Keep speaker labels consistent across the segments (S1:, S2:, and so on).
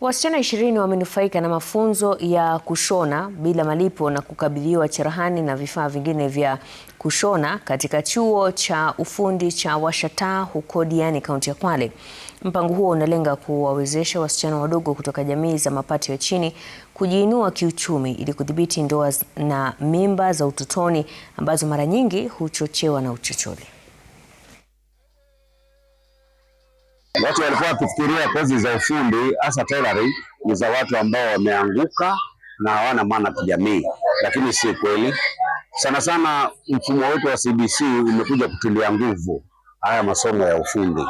S1: Wasichana ishirini wamenufaika na mafunzo ya kushona bila malipo na kukabidhiwa cherehani na vifaa vingine vya kushona katika chuo cha ufundi cha Washata huko Diani, kaunti ya Kwale. Mpango huo unalenga kuwawezesha wasichana wadogo kutoka jamii za mapato ya chini kujiinua kiuchumi ili kudhibiti ndoa na mimba za utotoni ambazo mara nyingi huchochewa na uchochole.
S2: Watu walikuwa wakifikiria kozi za ufundi hasa tailoring ni za watu ambao wameanguka na hawana maana kijamii, lakini si kweli. Sana sana mfumo wetu wa CBC umekuja kutilia nguvu haya masomo ya ufundi.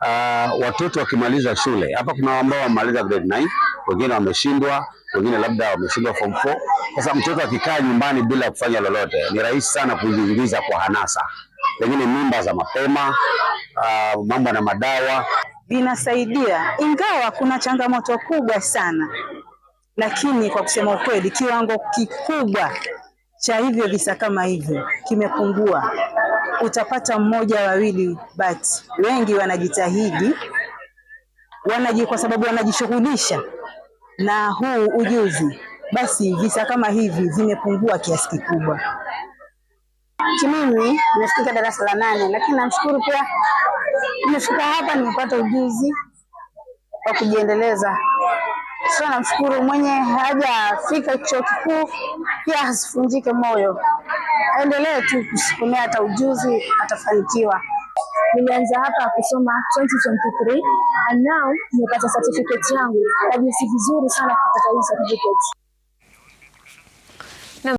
S2: Uh, watoto wakimaliza shule hapa, kuna ambao wamaliza grade 9, wengine wameshindwa, wengine labda wameshindwa form 4. Sasa mtoto akikaa nyumbani bila kufanya lolote, ni rahisi sana kujiingiza kwa hanasa, pengine mimba za mapema, uh, mambo na madawa
S3: vinasaidia, ingawa kuna changamoto kubwa sana, lakini kwa kusema ukweli, kiwango kikubwa cha hivyo visa kama hivyo kimepungua. Utapata mmoja wawili, but wengi wanajitahidi wanaji, kwa sababu wanajishughulisha na huu ujuzi, basi visa kama hivi vimepungua kiasi kikubwa.
S4: Mimi nafikia darasa la nane, lakini namshukuru pia Nimefika hapa nimepata ujuzi wa kujiendeleza. Sasa namshukuru mwenye hajafika chuo kikuu, pia asifunjike moyo, aendelee tu kusukumia, hata ujuzi atafanikiwa. Nilianza hapa kusoma 2023 and now nimepata certificate yangu na vizuri sana kupata hii certificate.